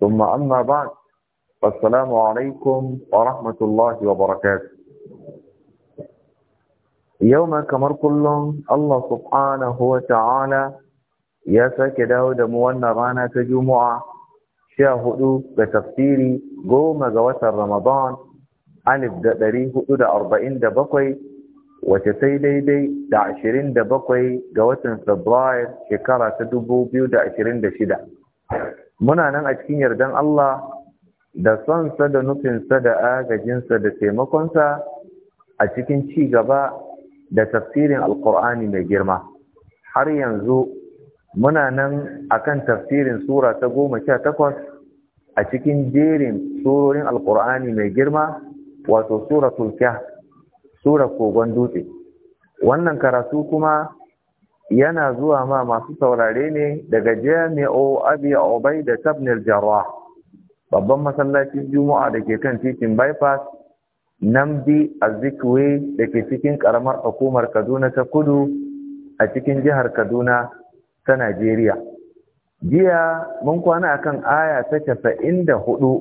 ثم أما بعد السلام عليكم ورحمة الله وبركاته يوم كمر كلهم الله سبحانه وتعالى يا ساك داود موانا رانا تجمع شاهدوا بتفسيري قوم جوات رمضان ألف دريه دا أربعين دبقي بقي وتسي دي دا عشرين دا جوات فبراير شكرا تدبو بيو دعشرين عشرين muna nan a cikin yardan Allah da sonsa da nufinsa da agajinsa da taimakonsa a cikin ci gaba da tafsirin alkur'ani mai girma har yanzu muna nan a kan tafsirin sura ta goma sha takwas a cikin jerin surorin alkur'ani mai girma wato sura tulkiya, sura kogon dutse wannan karatu kuma yana zuwa ma masu saurare ne daga jami'o abi obai da tabnil jarwa babban masallacin juma'a da ke kan titin bypass bi a da ke cikin karamar hukumar kaduna ta kudu a cikin jihar kaduna ta najeriya jiya mun kwana a kan aya ta casa'in da hudu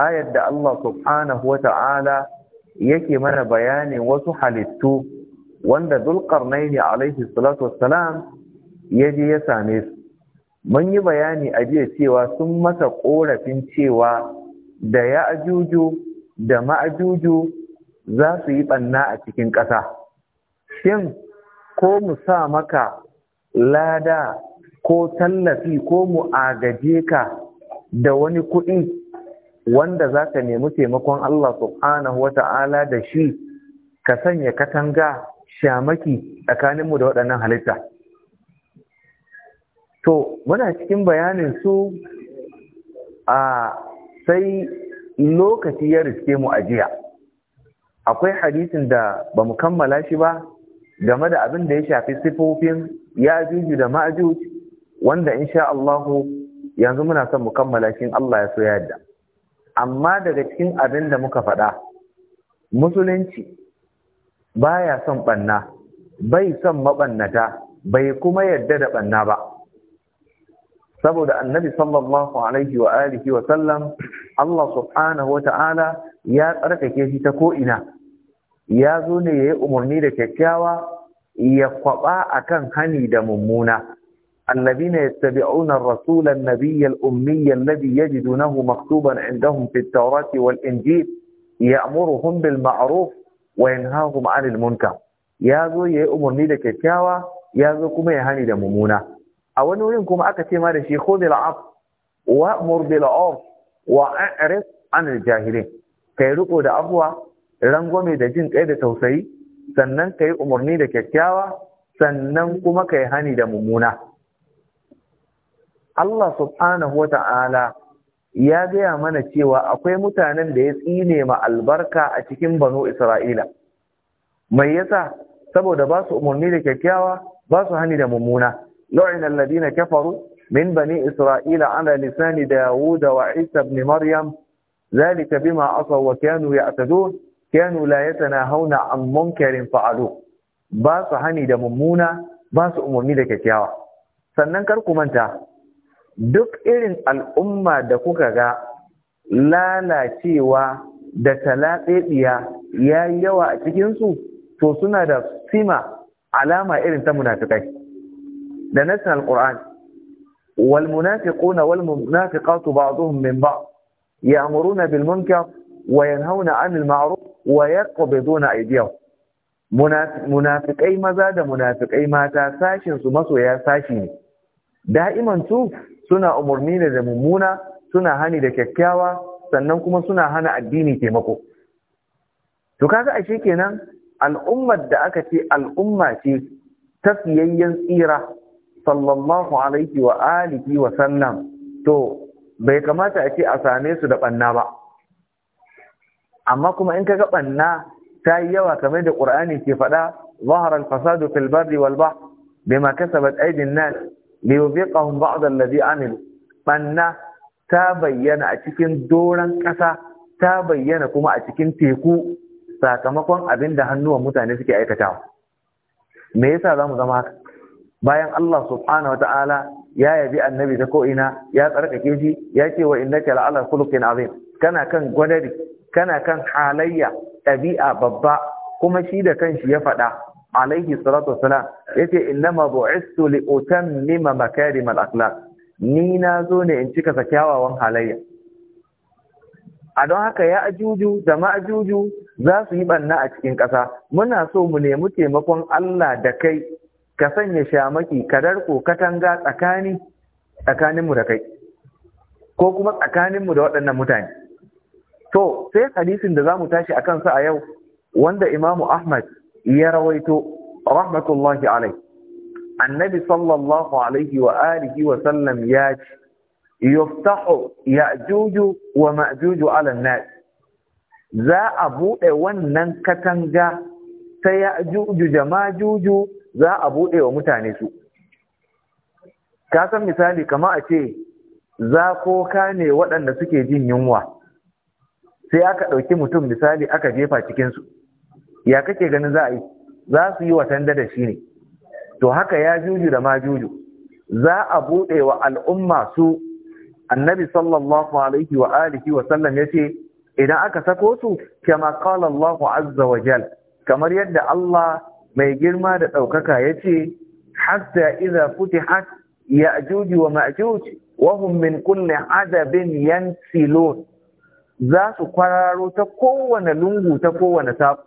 ayar da allah subhanahu wa ta'ala yake mana bayanin wasu halittu wanda a alaihi salatu wassalam ya je ya same su mun yi bayani a jiya cewa sun masa ƙorafin cewa da ya ajuju da ma'ajuju za su yi ɓanna a cikin ƙasa shin ko mu sa maka lada ko tallafi ko mu agaje ka da wani kuɗi wanda za ka nemi taimakon Allah subhanahu wa ta'ala da shi ka sanya katanga shamaki tsakaninmu da waɗannan halitta to muna cikin bayanin su a sai lokaci ya riske mu a jiya akwai hadisin da ba mu kammala shi ba game da abin da ya shafi sifofin ya juju da ma'ajuj wanda insha Allahu yanzu muna son mu kammala shi Allah ya so yadda amma daga cikin abin da muka faɗa musulunci baya son banna bai son mabannata bai kuma yadda da banna ba saboda annabi sallallahu alaihi wa alihi wa sallam Allah subhanahu wa ta'ala ya tsarkake shi ta ko ina ya zo ne yayi yi umarni da kyakkyawa ya kwaba akan hani da mummuna الذين يتبعون الرسول النبي الأمي الذي يجدونه مكتوبا عندهم في التوراة والإنجيل يأمرهم بالمعروف wa yanhahum anil munkar ya zo ya yi umarni da kyakkyawa ya zo kuma ya hani da mummuna a wani wurin kuma aka ce ma da shi khudil af wa mur bil urf wa anil jahilin kai riko da afwa rangwame da jin kai da tausayi sannan kai umarni da kyakkyawa sannan kuma kai hani da mummuna Allah subhanahu wa ta'ala ya gaya mana cewa akwai mutanen da ya tsine ma albarka a cikin banu isra'ila mai yasa saboda ba su umarni da kyakkyawa ba su hani da mummuna lu'ina alladhina kafaru min bani isra'ila ana lisani Yahuda wa isa ibn maryam zalika bima asaw wa kanu ya'tadun kanu la yatanahawna an munkarin fa'alu ba su hani da mummuna ba su umarni da kyakkyawa sannan kar ku manta duk irin al'umma da kuka ga lalacewa da talatsebiya ya yi yawa a cikinsu to suna da sima alama irin ta munafikai da nasin al'ur'an wal munafiquna wal munafiqatu ba'dhum min ba'd ya'muruna bil munkar wa yanhauna 'anil ma'ruf wa yaqbiduna aydiyahum munafikai maza da munafikai mata sashinsu maso masoya sashi ne da'iman su suna umarni ne da mummuna suna hani da kyakkyawa sannan kuma suna hana addini taimako to kaga ashe kenan al'ummar da aka ce al'umma ce ta siyayyen tsira sallallahu alaihi wa alihi wa sallam to bai kamata a ce a same su da banna ba amma kuma in kaga banna ta yi yawa kamar da Qur'ani ke faɗa zahara al-fasadu fil barri wal bahr bima kasabat aydin nas liyuziqahum ba'd alladhi amilu banna ta bayyana a cikin doran ƙasa ta bayyana kuma a cikin teku sakamakon abin da hannuwan mutane suke aikatawa me yasa zamu zama bayan Allah subhanahu wata'ala ya yabi annabi ta ko'ina ya tsarkake shi ya ce wa innaka la'ala khuluqin azim kana kan gwadari kana kan halayya ɗabi'a babba kuma shi da kanshi ya faɗa alaihi salatu wassalam yace innama bu'istu li utammima makarim al-akhlaq ni na zo ne in cika kyawawan halayya a don haka ya ajuju da ma'ajuju za su yi banna a cikin ƙasa muna so mu nemi taimakon Allah da kai ka sanya shamaki ka darko katanga tsakani tsakaninmu da kai ko kuma tsakaninmu da waɗannan mutane to sai hadisin da za mu tashi a kansa a yau wanda imamu ahmad ya rawaito rahmatullahi alai annabi sallallahu alaihi wa alihi wa sallam ya ce yuftahu ya'juju wa ma'juju ala nas za a buɗe wannan katanga ta ya'juju da ma'juju za a buɗe wa mutane su ka san misali kama a ce za ko ka ne waɗanda suke jin yunwa sai aka ɗauki mutum misali aka jefa cikinsu ya kake ganin za a yi za su yi watanda da shi ne to haka ya juju da ma juju za a buɗe wa al'umma su annabi sallallahu alaihi wa alihi wa sallam ya ce idan aka sako su kama qala Allahu azza wa jal kamar yadda Allah mai girma da ɗaukaka ya ce hatta idza futihat ya'juj wa ma'juj wa hum min kulli adabin yansilun za su kwararo ta kowane lungu ta kowane sako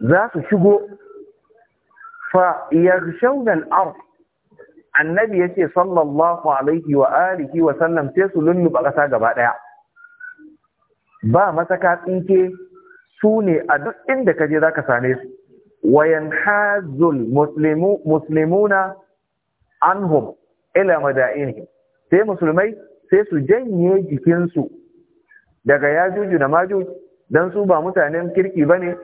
za su shigo fa yaghshawna al-ard annabi yace sallallahu alaihi wa alihi wa sallam sai su lulluba ƙasa gaba daya ba masaka tsinke su ne a duk inda kaje zaka same su wayan hazul muslimuna anhum ila madainihim sai musulmai sai su janye jikinsu daga yajuju da majuju dan su ba mutanen kirki bane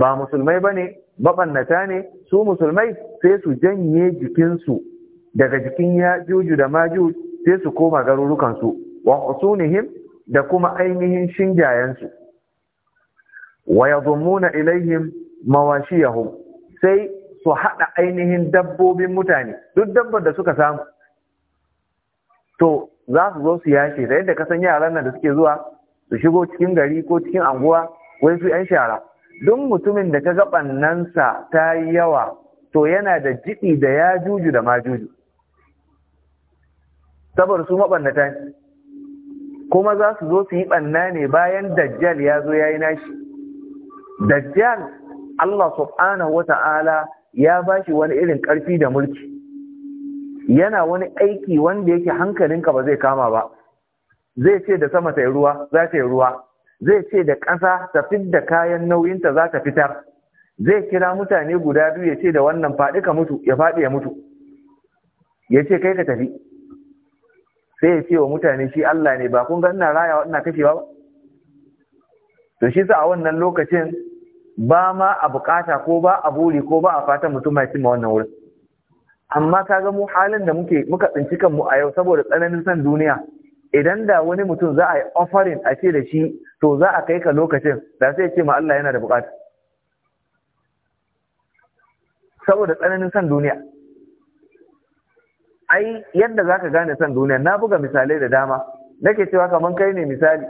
ba musulmai ba ne mabannata ne su musulmai sai su janye jikinsu daga jikin yajuju da majuj sai su koma garurukansu wa usunihim da kuma ainihin shingayensu wa mawashi ilaihim mawashiyahum sai su haɗa ainihin dabbobin mutane duk dabbar da suka samu to za su zo su yashe da yadda ka san yaran nan da suke zuwa su shigo cikin gari ko cikin anguwa wai su 'yan shara duk mutumin da kaga bannansa ta yi yawa to yana da jiɗi da ya juju da majuju saboda su maɓannata ne kuma za su zo su yi ɓanna ne bayan dajjal ya zo ya yi nashi dajjal Allah subhanahu wa ta'ala ya ba shi wani irin ƙarfi da mulki yana wani aiki wanda yake hankalinka ba zai kama ba zai ce da sama ta yi ruwa za ta yi ruwa zai ce da ƙasa ta fidda kayan nauyinta za ta fitar zai kira mutane guda biyu ya ce da wannan faɗi ka mutu ya faɗi ya mutu ya ce kai ka tafi sai ya ce wa mutane shi Allah ne ba kun ga ina rayawa ina kashewa ba to shi sa a wannan lokacin ba ma a bukata ko ba a buri ko ba a fatan mutum ya cimma wannan wurin amma ka ga mu halin da muke muka tsinci kanmu a yau saboda tsananin san duniya idan da wani mutum za a yi offering a ce da shi to za a kai ka lokacin da sai ce ma Allah yana da bukata saboda tsananin san duniya ai yadda za ka gane san duniya na buga misalai da dama nake cewa kamar kai ne misali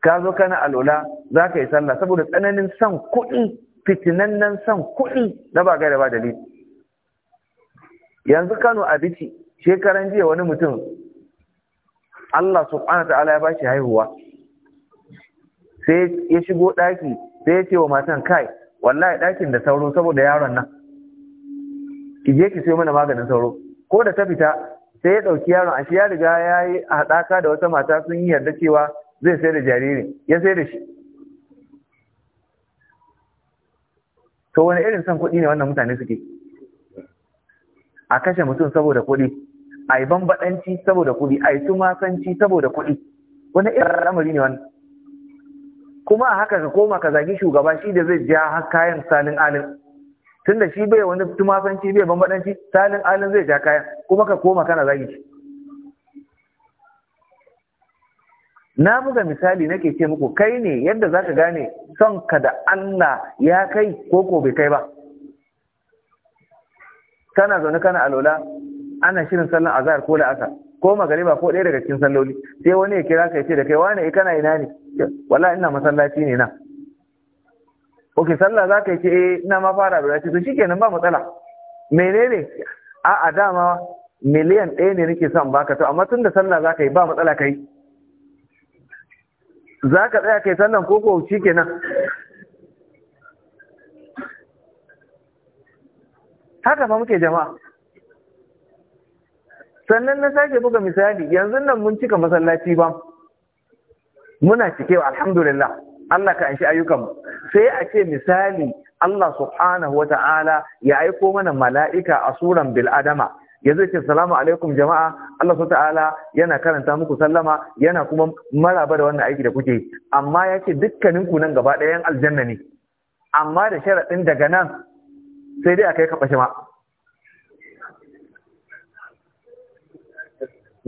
ka zo kana alola za ka yi sallah saboda tsananin san kuɗi fitinannen san kuɗi na ba gaira ba dalili yanzu kano a biki shekaran jiya wani mutum Allah subhanahu ta'ala ya bashi haihuwa sai ya shigo daki, sai ya ce wa matan kai wallahi dakin da sauro saboda yaron nan ki je ki sayo mana maganin sauro ko da ta fita sai ya ɗauki yaron a ya riga ya yi haɗaka da wata mata sun yi yarda cewa zai sayar da jariri ya sayar da shi to wani irin son kuɗi ne wannan mutane suke a kashe mutum saboda kuɗi a yi bambaɗanci saboda kuɗi a yi tumasanci saboda kuɗi wani irin ramari ne wani kuma a haka ka koma ka zagi shugaba shi da zai ja kayan salin alin tun da shi bai wani tumasanci bai bambaɗanci salin alin zai ja kayan kuma ka koma kana zagi shi na buga misali nake ce muku kai ne yadda za ka gane son ka da Allah ya kai ko ko bai kai ba kana zaune kana alola ana shirin sallan azhar ko la'asa, ko magariba ko ɗaya daga cikin salloli sai wani ya kira ka ya ce da kai wani eh, kana ina ne wallahi ina masallaci ne na ok sallah za ka yi ce eh, ina ma fara da to kenan ba matsala menene a a dama miliyan ɗaya ne nake son baka to amma tun da sallah za ka yi ba matsala ka yi. za ka tsaya kai sallan koko kenan haka fa muke jama'a sannan na sake buga misali yanzu nan mun cika masallaci ba muna cikewa alhamdulillah Allah ka anshi ayyukanmu sai a ce misali Allah subhanahu wata'ala ya aiko mana mala'ika a suran bil adama yanzu ce salamu alaikum jama'a Allah subhanahu wata'ala yana karanta muku sallama yana kuma maraba da wannan aiki da kuke amma ya ce dukkanin nan gaba ɗayan aljanna ne amma da sharaɗin daga nan sai dai a kai ka ma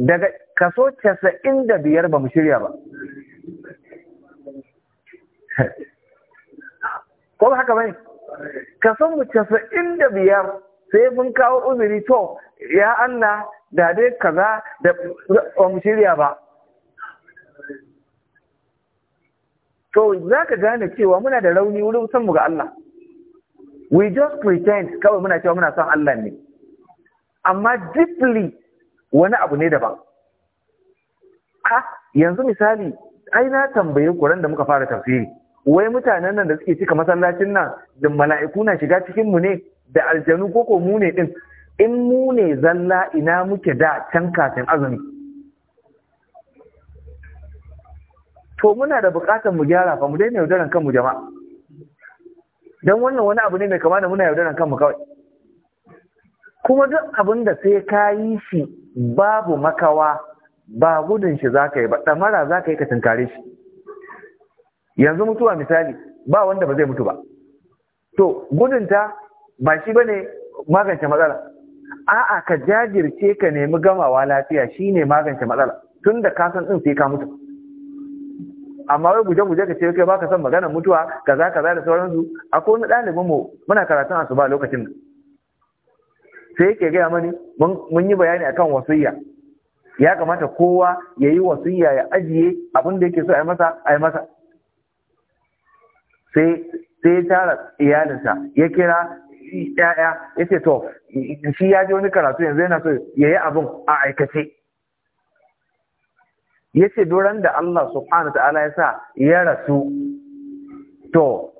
daga kaso casa'in da biyar ba mu shirya ba ko haka bane kaso mu casa'in da biyar sai mun kawo uzuri to ya Allah da dai kaza da ba mu shirya ba to za ka gane cewa muna da rauni wurin son mu ga Allah we just pretend kawai muna cewa muna son Allah ne amma deeply wani abu ne daban ha yanzu misali ai na tambayi kuran da muka fara tafiye, wai mutanen nan da suke cika masallacin nan da mala'iku na shiga cikinmu ne da aljanu ko ko mu ne ɗin, in mu ne zalla ina muke da can kafin azumi to muna da bukatar mu gyara fa mu daina yaudaran kanmu jama'a dan wannan wani abu ne mai kama da muna yaudaran kanmu kawai kuma duk abin da sai ka yi shi babu makawa ba gudun shi za ka yi ba ɗamara za ka yi ka tunkare shi yanzu mutuwa misali ba wanda ba zai mutu ba to gudunta ba shi ba ne magance matsala a'a ka jajirce ka nemi gamawa lafiya shi ne magance matsala tun da ka san ɗin sai ka mutu amma wai guje-guje ka ce kai baka son maganar mutuwa kaza kaza da sauransu akwai wani ɗalibin mu muna karatun asuba lokacin sai yake gaya mani mun yi bayani akan wasiyya ya kamata kowa ya yi wasiyya ya ajiye abin da yake so a yi masa a yi masa sai ya tara iyalinsa ya kira ya'ya ya ce to shi ya je wani karatu yanzu yana so ya yi abin a aikace ya ce duran da Allah subhanahu ta'ala ya sa ya rasu to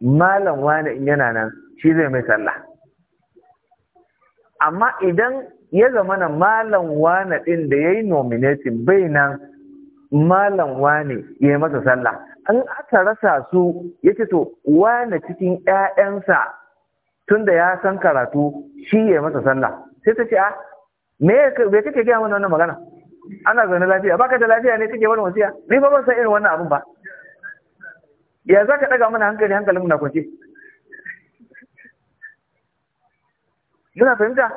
malam wani in yana nan shi zai mai sallah amma idan ya zama na malam wane ɗin da ya yi nominatin bai na malam wane ya yi masa sallah an aka rasa su ya ce to wane cikin 'ya'yansa tun da ya san karatu shi ya yi masa sallah sai ta ce a ah, me bai kake gaya mana wannan magana ana zaune lafiya baka da lafiya ne kake wani wasiya ni ba ban san irin wannan abin ba ya za ka ɗaga mana hankali hankalin muna kwance muna fahimta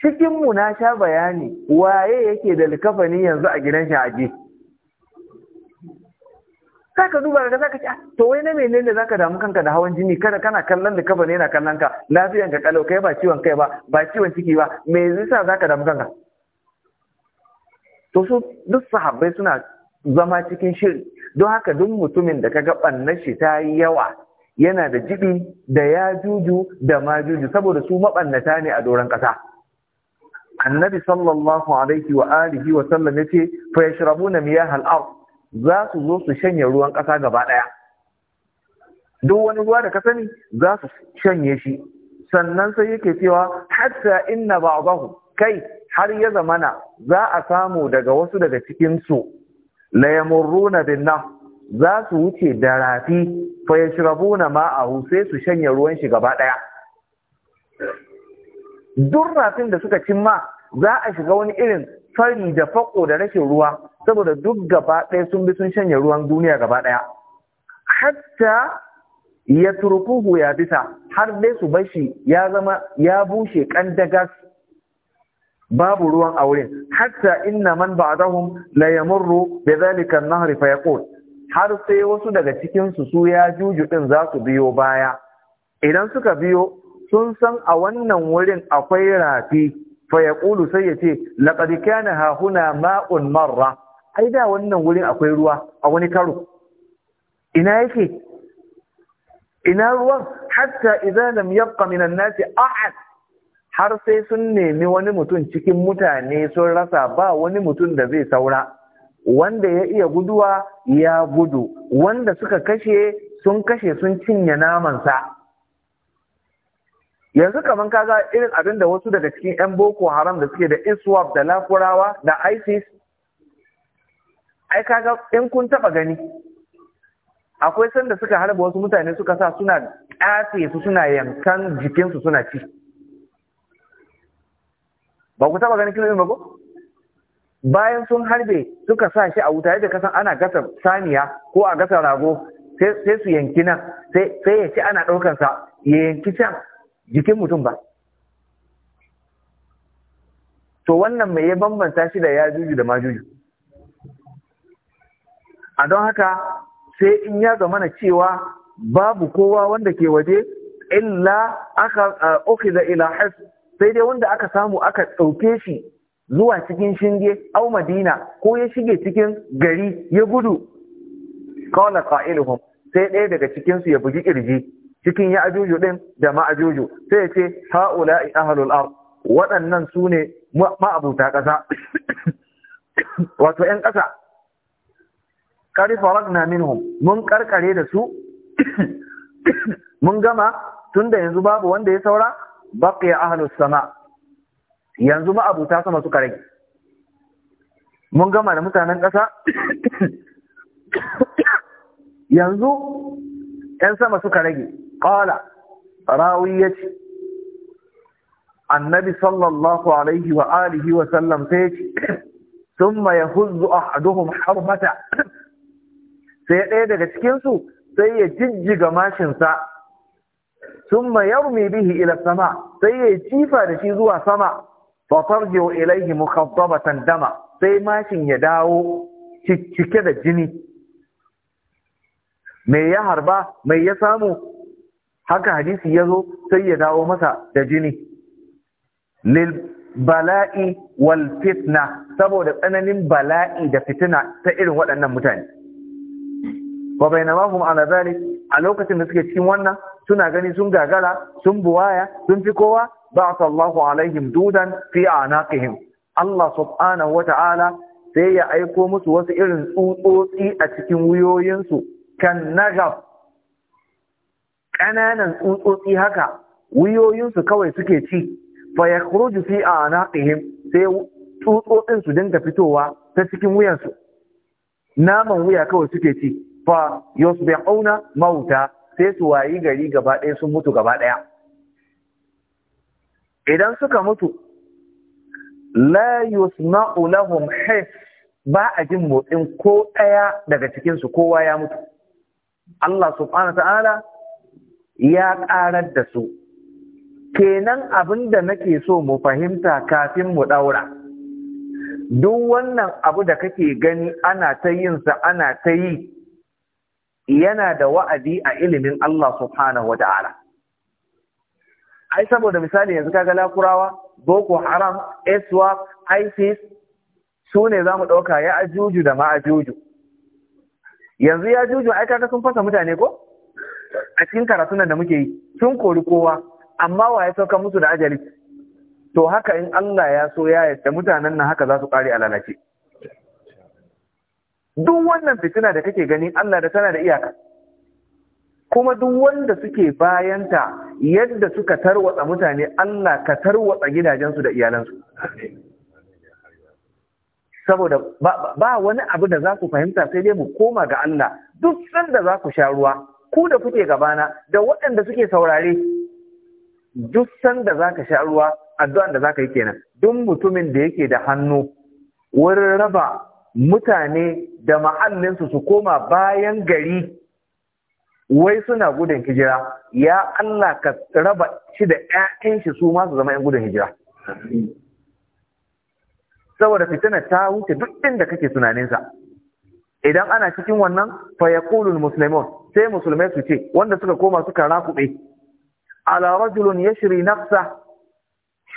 cikin mu na sha bayani waye yake da likafani yanzu a gidan shi aje ka duba daga ka ci ah, to wai na menene zaka damu kanka da hawan jini kada kana kallon likafani yana kallon ka lafiyan ka kalau kai ba ciwon kai ba ba ciwon ciki ba me yasa zaka damu kanka to su duk sahabbai suna zama cikin shiri don haka duk mutumin da ka ga bannar shi ta yi yawa yana da jibi da ya juju da ma juju saboda su maɓannata ne a doron ƙasa annabi sallallahu alaihi wa alihi wa sallam yace fa yashrabuna miyah al-ard za su zo su shanye ruwan ƙasa gaba ɗaya duk wani ruwa da ka sani za su shanye shi sannan sai yake cewa hatta inna ba'dahu kai har ya zamana za a samu daga wasu daga cikin su la yamurruna bin nahr za su wuce da rafi fa na ma'ahu sai su shanya ruwan shi gaba ɗaya. duk rafin da suka cimma za a shiga wani irin fari da fako da rashin ruwa saboda duk gaba ɗaya sun bi sun shanya ruwan duniya gaba ɗaya hatta ya turkuhu ya bisa har dai su bashi ya zama ya bushe kandagas babu ruwan a wurin hatta inna man ba'dahum la yamurru bi dhalika an-nahr fa yaqul har sai wasu daga cikinsu su ya juju ɗin za su biyo baya idan suka biyo sun san a wannan wurin akwai rafi fa ya ƙulu sai ya ce laƙad kana hahuna ma'un marra ai da wannan wurin akwai ruwa a wani karo ina yake ina ruwan hatta idza lam yabqa nasi ahad har sai sun nemi wani mutum cikin mutane sun rasa ba wani mutum da zai saura wanda ya iya guduwa ya gudu wanda suka kashe sun kashe sun cinye namansa yanzu kaman kaga irin abin da wasu daga cikin 'yan boko haram da suke da iswap da lafurawa da isis ai kaga in kun taba gani akwai sanda suka harba wasu mutane suka sa suna ƙafe su suna yankan jikinsu suna ci ba ku taba gani kilin ba ko bayan sun harbe suka sa shi a wuta yadda kasan ana gasa saniya ko a gasa rago sai su yanki nan sai ya ci ana ɗaukansa ya yanki can jikin mutum ba to wannan mai ya bambanta shi da ya juju da majuju a don haka sai in ya zamana cewa babu kowa wanda ke waje illa aka da ila has sai dai wanda aka samu aka ɗauke shi zuwa cikin shinge au madina ko ya shige cikin gari ya gudu kawana qailuhum sai ɗaya daga cikinsu ya bugi ƙirji. cikin ya ajuju ɗin da ma sai ya ce haula'i ahalul ar waɗannan su ne ma'abuta ƙasa wato 'yan ƙasa ƙarfarar na minhum mun ƙarƙare da su mun gama tun da yanzu babu wanda ya saura baƙi a ahalus sama yanzu ma ta sama suka rage mun gama da mutanen ƙasa yanzu ‘yan sama suka rage ƙala rawi ya ce annabi sallallahu alaihi wa alihi wa sallam sai ya ce sun ma ya huzu a haduhun harfata sai ɗaya daga cikinsu sai ya jijjiga mashinsa sun ma rumi bihi ila sama sai ya jifa da shi zuwa sama wa ilaihi mu mukhaddabatan dama sai mashin ya dawo cike da jini me ya harba mai ya samu haka hadisi ya zo sai ya dawo masa da jini lil bala'i wal fitna saboda tsananin bala'i da fitina ta irin waɗannan mutane wa bainama hum ala zalik a lokacin da suke cikin wannan suna gani sun gagara sun buwaya sun fi kowa بعث الله alaihim dudan في اعناقهم Allah subhanahu wata'ala sai ya aiko musu wasu irin tsutsotsi a cikin wuyoyinsu kan nagab ƙananan tsutsotsi haka wuyoyinsu kawai suke ci fa yakhruju fi anaqihim sai tsutsotsin su dinga fitowa ta cikin wuyansu naman wuya kawai suke ci fa yusbihuna mauta sai su wayi gari gaba ɗaya sun mutu gaba ɗaya idan suka mutu la yusma'u lahum his ba a jin motsin ko ɗaya daga cikinsu kowa ya mutu Allah subhanahu ta'ala ya ƙarar da su kenan abinda nake so mu fahimta kafin mu ɗaura duk wannan abu da kake gani ana ta yinsa ana ta yi yana da wa'adi a ilimin Allah subhanahu wa ta'ala ai saboda misali yanzu kaga lakurawa boko haram eswa isis su ne za mu ɗauka ya ajuju da ma'ajuju yanzu ya juju ai kaga sun fasa mutane ko a cikin karatunan da muke yi sun kori kowa amma wa ya sauka musu da ajali to haka in Allah ya so ya yadda mutanen nan haka za su ƙare a lalace duk wannan fitina da kake gani Allah da tana da iyaka kuma duk wanda suke bayanta yadda suka tarwatsa mutane Allah ka tarwatsa gidajensu da iyalansu saboda ba wani abu da za ku fahimta sai dai mu koma ga Allah duk sanda za ku sha ruwa ku da kuke gabana da waɗanda suke saurare duk sanda za ka sha ruwa addu'an da za ka yi kenan duk mutumin da yake da hannu wurin raba mutane da ma'allinsu su koma bayan gari wai suna gudun hijira ya Allah ka raba shi da ƴaƴan shi su ma su zama ƴan gudun hijira saboda fitina ta wuce duk inda kake tunaninsa idan ana cikin wannan fa yaqulul sai musulmai su ce wanda suka koma suka rakube ala rajulun yashri nafsa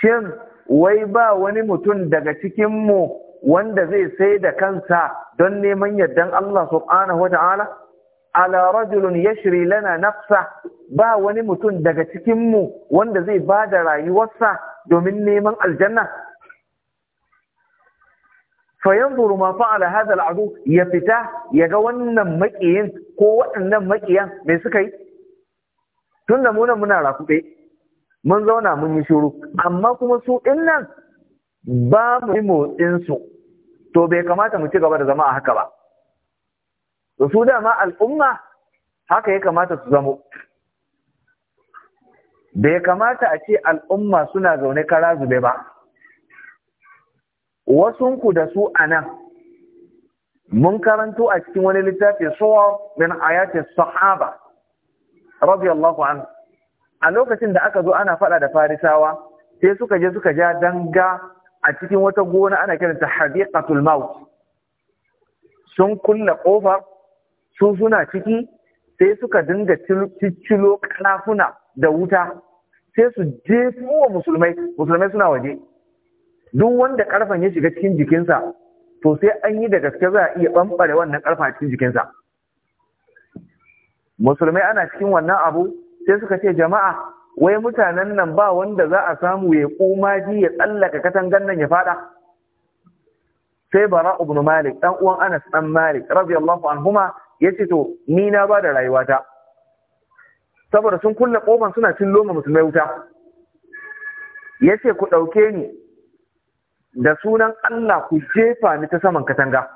shin wai ba wani mutum daga cikin mu wanda zai sai da kansa don neman yardan Allah subhanahu ala rajulun yashri lana nafsa ba wani mutum daga cikin mu wanda zai ba da rayuwarsa domin neman aljanna fayanzuru ma fa'ala hadha al'adu ya fita ya ga wannan maƙiyin ko waɗannan maƙiyan me suka yi Tun da nan muna rakuɓe mun zauna mun yi shiru amma kuma su ɗin ba mu yi motsin to bai kamata mu ci gaba da zama a haka ba to su dama al'umma haka ya kamata su zamo bai kamata a ce al'umma suna zaune kara zube ba wasunku da su a nan mun karanto a cikin wani littafi suwar min ayatis sahaba radiyallahu anhu a lokacin da aka zo ana fada da farisawa sai suka je suka ja danga a cikin wata gona ana kiranta habiqatul maut sun kulle kofar su suna ciki sai suka dinga ciccilo kanafuna da wuta sai su je wa musulmai musulmai suna waje duk wanda karfan ya shiga cikin jikinsa to sai an yi da gaske za a iya bambare wannan karfa cikin jikinsa musulmai ana cikin wannan abu sai suka ce jama'a wai mutanen nan ba wanda za a samu ya ji ya tsallaka katangan nan ya faɗa. sai bara ibn malik dan uwan anas ɗan malik radiyallahu anhuma ya ce to ni na ba da rayuwata saboda sun kulle kofan suna cin loma musulmai wuta ya ce ku ɗauke ni da sunan Allah ku jefa ni ta saman katanga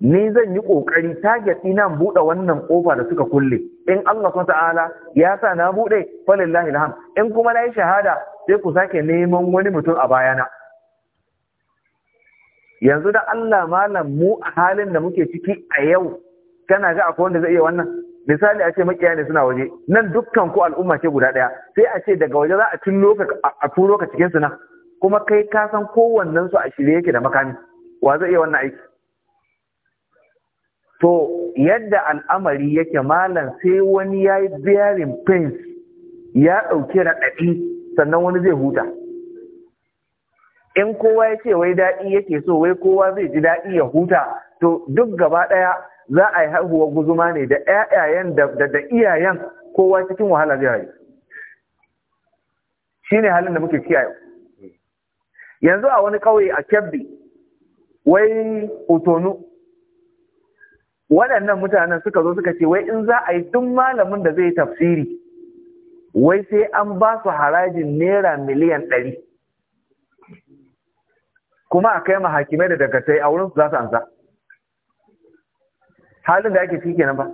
ni zan yi ƙoƙari target ɗina buɗe wannan ƙofa da suka kulle in Allah ta'ala ya sa na buɗe falillahi alham in kuma na yi shahada sai ku sake neman wani mutum a bayana yanzu da Allah malam mu a halin da muke ciki a yau kana ga akwai wanda zai iya wannan misali a ce makiya ne suna waje nan dukkan ku al'umma ce guda ɗaya sai a ce daga waje za a turo ka a turo ka cikin suna kuma kai ka san kowannen su a shirye yake da makami wa zai iya wannan aiki to yadda al'amari yake malam sai wani ya yi bearing pains ya ɗauki raɗaɗi sannan wani zai huta in kowa ya ce wai daɗi yake so wai kowa zai ji daɗi ya huta to duk gaba ɗaya za a yi haihuwar guzuma ne da ƴaƴayen da da iyayen kowa cikin wahala zai Shi shine halin da muke kiyaye yanzu a wani ƙauye a Kebbi wai Otonu waɗannan mutanen suka zo suka ce wai in za a yi duk malamin da zai tafsiri wai sai an ba su harajin naira miliyan ɗari kuma a kai mahakimai da dagatai a wurin su za su ansa halin da ake ciki kenan ba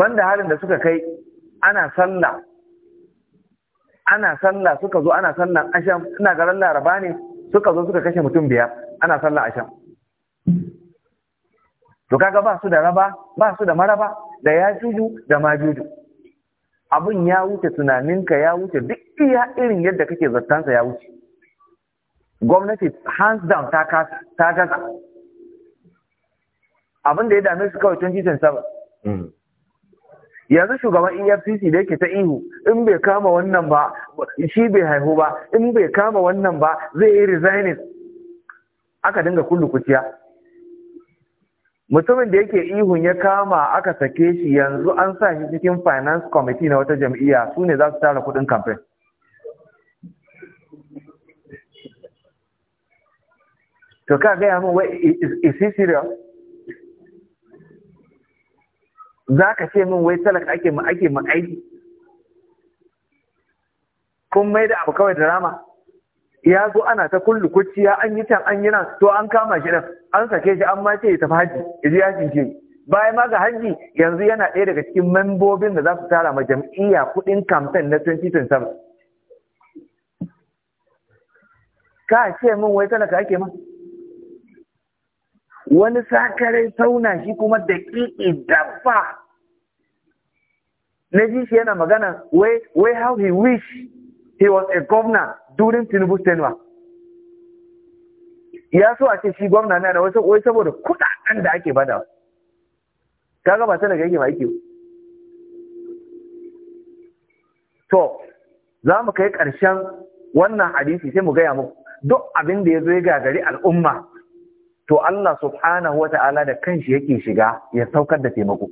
banda halin da suka kai ana sallah ana sallah suka zo ana sallan asham ina garin laraba ne suka zo suka kashe mutum biyar ana sallah asham to kaga ba su da raba ba su da maraba da ya juju da ma juju abin ya wuce tunaninka ya wuce duk iya irin yadda kake zartansa ya wuce gwamnati hands down ta kasa abin da ya dame su kawai 2027 hmm. yanzu shugaban efcc da yake ta ihu in bai kama wannan ba shi bai haihu ba in bai kama wannan ba zai yi resigning aka dinga kullu kuciya mutumin da yake ihun ya kama aka sake shi yanzu an sa shi cikin finance committee na wata jam'iyya su ne za su tara kudin campaign to ka gaya min wai is he serious za ka ce min wai talaka ake ma ake ma aiki kun mai da abu kawai drama ya zo ana ta kullu kuciya an yi can an yi nan to an kama shi dan an sake shi an ma ce ya tafi haji ya je yashin ke bayan ma ga haji yanzu yana ɗaya daga cikin membobin da za su tara ma jam'iyya kuɗin campaign na 2027 ka ce min wai talaka ake ma wani sakare sauna shi kuma da ƙiƙi dabba na ji shi yana magana wai how he wish he was a governor during Tinubu's tenure ya so a ce shi gwamna na wasu wai saboda kuɗaɗen da ake bada kaga ba ta daga yake ba yake to za mu kai ƙarshen wannan hadisi sai mu gaya muku duk abin da ya zo ya gagari al'umma to Allah subhanahu wa ta'ala da kanshi yake shiga ya saukar da taimako.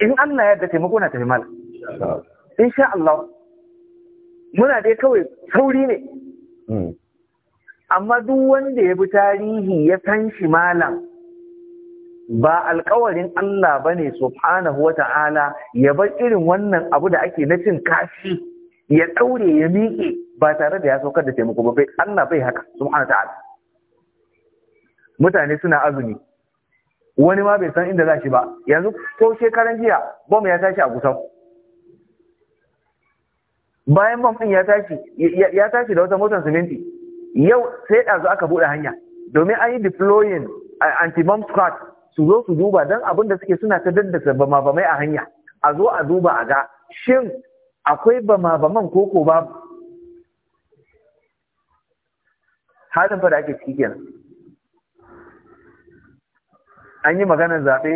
In Allah ya da taimako na tafi mala. sha Allah, muna dai kawai sauri ne. Hmm. Amma duk wanda ya bi tarihi ya san shi malam ba alkawarin Allah ba ne subhanahu wa ta'ala ya bar irin wannan abu da ake na cin kashi. ya ɗaure ya miƙe ba tare da ya saukar da taimako ba bai Allah bai haka subhanahu ta'ala mutane suna azumi wani ma bai san inda za shi ba yanzu ko shekaran jiya bom ya tashi a gusau bayan bom din ya tashi ya tashi da wata motar siminti yau sai ɗazu aka buɗe hanya domin an yi deploying anti-bomb squad su zo su duba don abin da suke suna ta daddasa bama bamai a hanya a zo a duba a ga shin akwai bama man koko ba, halin fa da ake ciki kenan an yi maganar zaɓe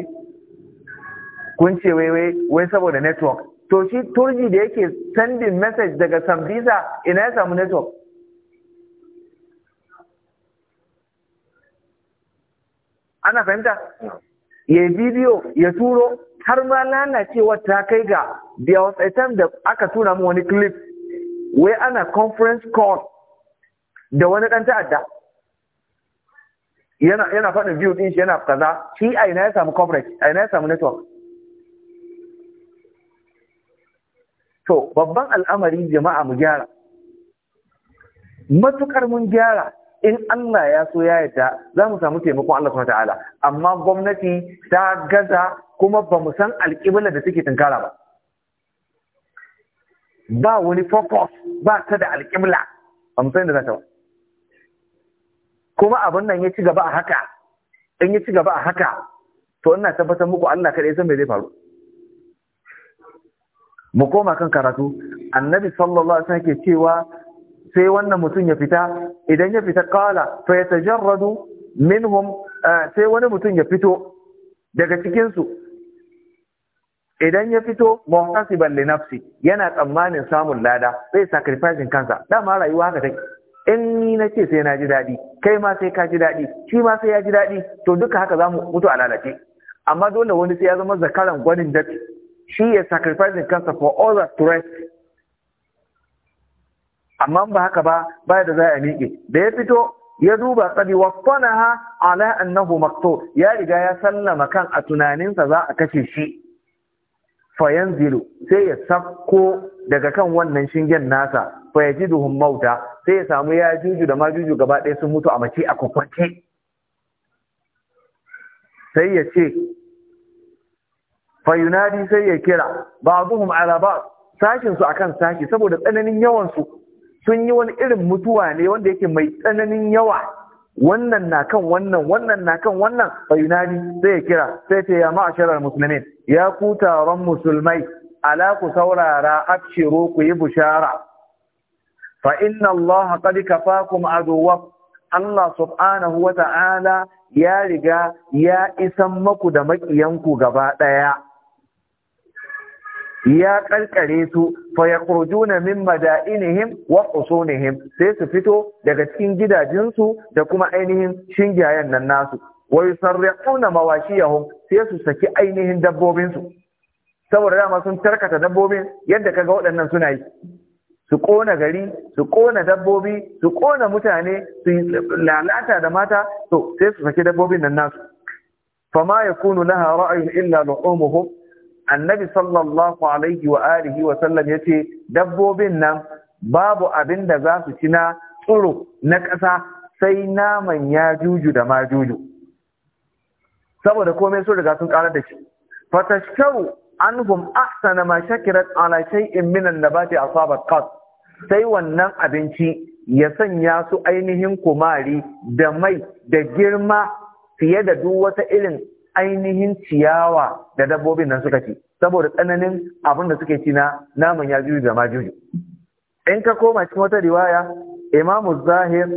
kun ce wai wai saboda network to shi turji da yake sending message daga sambisa ina ya samu network ana fahimta ya bidiyo ya turo har ma lalacewa ta kai ga there was a time da aka tura mu wani clip wai ana conference call da wani ɗan ta'adda yana yana faɗin view ɗin shi yana kaza shi a ina ya samu coverage a ina ya samu network to babban al'amari jama'a mu gyara matukar mun gyara in Allah ya so ya yadda za mu samu taimakon Allah kuma ta'ala amma gwamnati ta gaza kuma ba mu san alƙibla da take tunkara ba ba wani focus ba ta da alƙibla ba mu san da za ta ba kuma abin nan ya ci gaba a haka in ya ci gaba a haka to ina tabbatar muku Allah kaɗai san me zai faru mu koma kan karatu annabi sallallahu alaihi wasallam ke cewa sai wannan mutum ya fita idan ya fita kala fa tajarradu minhum eh, sai wani mutum ya fito daga cikin su idan ya fito muhasiban li nafsi yana tsammanin samun lada zai sacrifice kansa dama rayuwa haka take in ni na ce sai na ji daɗi kai ma sai ka ji daɗi shi ma sai ya ji daɗi to duka haka za mu mutu a lalace amma dole wani sai ya zama zakaran gwanin dafi shi ya sacrificing kansa for others to rest amma ba haka ba baya da za a miƙe da ya fito ya duba tsadi wasanaha ala annahu maqtu ya riga ya sallama kan a tunaninsa za a kashe shi fayanzilu sai ya sakko daga kan wannan shingen nasa fa yajiduhum mauta sai ya samu ya juju da majuju gaba ɗaya sun mutu a mace a kwakwace sai ya ce fayunadi sai ya kira ba'dhum ala ba'd sashin su akan sashi saboda tsananin yawansu. sun yi wani irin mutuwa ne wanda yake mai tsananin yawa wannan na kan wannan wannan na kan wannan bayunani sai ya kira sai ce ya ma'asharar musulmin ya ku taron musulmai ala ku saurara abshiru ku yi bushara fa inna allaha qad kafakum aduwwakum Allah subhanahu wa ta'ala ya riga ya isan maku da maƙiyanku gaba ɗaya. ya kalkare su fa ya yakhrujuna min madainihim wa qusunihim sai su fito daga cikin gidajensu da kuma ainihin shingayen nan nasu wa yusarriquna mawashiyahum sai su saki ainihin dabbobinsu saboda dama sun tarkata dabbobin yadda kaga waɗannan suna yi su ƙona gari su ƙona dabbobi su kona mutane su lalata da mata to sai su saki dabbobin nan nasu fama yakunu laha ra'yun illa lu'umuhum annabi sallallahu alaihi wa alihi wa sallam yace dabbobin nan babu abin da za su ci na tsuro na ƙasa sai naman ya juju da ma juju saboda komai sun riga sun ƙarar da shi fatashkaru anhum ahsana ma shakirat ala shay'in min an-nabati asabat qas sai wannan abinci ya sanya su ainihin kumari da mai da girma fiye da duk wata irin ainihin ciyawa da dabbobin nan suka ci saboda tsananin abin da suke ci na naman ya juju da ma juju. in ka koma cikin wata riwaya imam zahir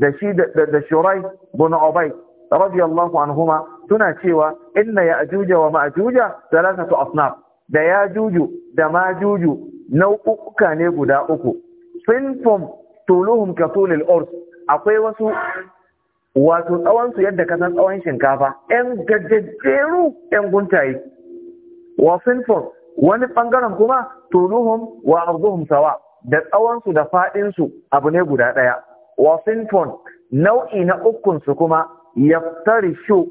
da shi da shurai bin ubay radiyallahu anhuma suna cewa inna ajuja wa ma'juja thalathatu asnaf da ya juju da ma majuju nau'uka ne guda uku sinfum tuluhum ka tulil urs akwai wasu wato tsawonsu yadda ka san tsawon shinkafa yan gajajjeru yan guntaye wa wani bangaren kuma tunuhum wa sawa da tsawonsu da faɗinsu abu ne guda ɗaya. wa nau'i na ya su shu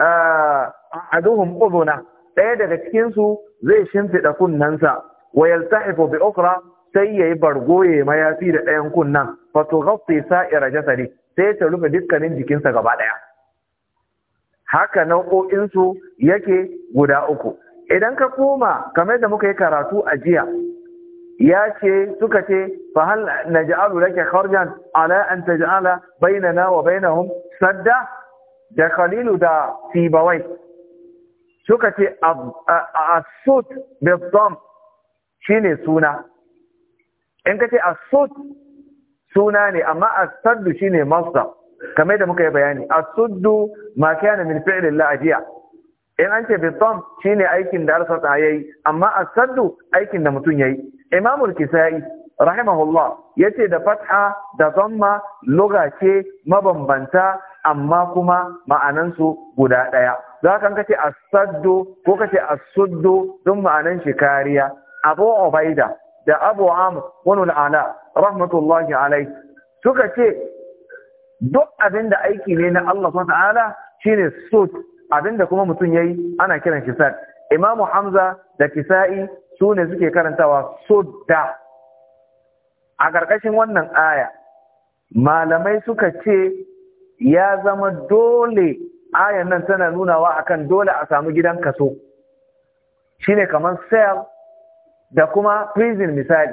a aduhun uduna ɗaya daga cikinsu zai shimfiɗa kunnensa wa yaltahifu bi ukra sai yayi bargoye mayafi da ɗayan kunnan fa tughatti sa'ira jasadi sai ta rufe dukkanin jikinsa gaba ɗaya haka nau'o'insu yake guda uku idan ka koma kamar da muka yi karatu a jiya ya ce suka ce fa hal ji'alu rake kharjan ala an nawa, bainana wa bainahum sadda da khalilu da sibawai suka ce asut bi shi ne suna in ka ce asut suna ne amma as shine masdar kamar da muka yi bayani as-suddu ma kana min fi'lillah la'ajiya in an ce bitam shine aikin da arsata yayi amma as aikin da mutum yayi imamul kisai rahimahullah yace da fatha da zamma lugha ce mabambanta amma kuma ma'anan su guda ɗaya za ka kace as ko kace as-suddu dun ma'anan shi kariya abu ubaida da abu Amr wani ala rahmatullahi alai suka ce duk abin da aiki ne na Allah ta'ala shine sut abin da kuma mutum yayi ana kiran shi sad imamu hamza da kisa'i su ne suke karantawa sudda a ƙarƙashin wannan aya malamai suka ce ya zama dole ayan nan tana nunawa akan dole a samu gidan kaso shine kamar sale da kuma prison misali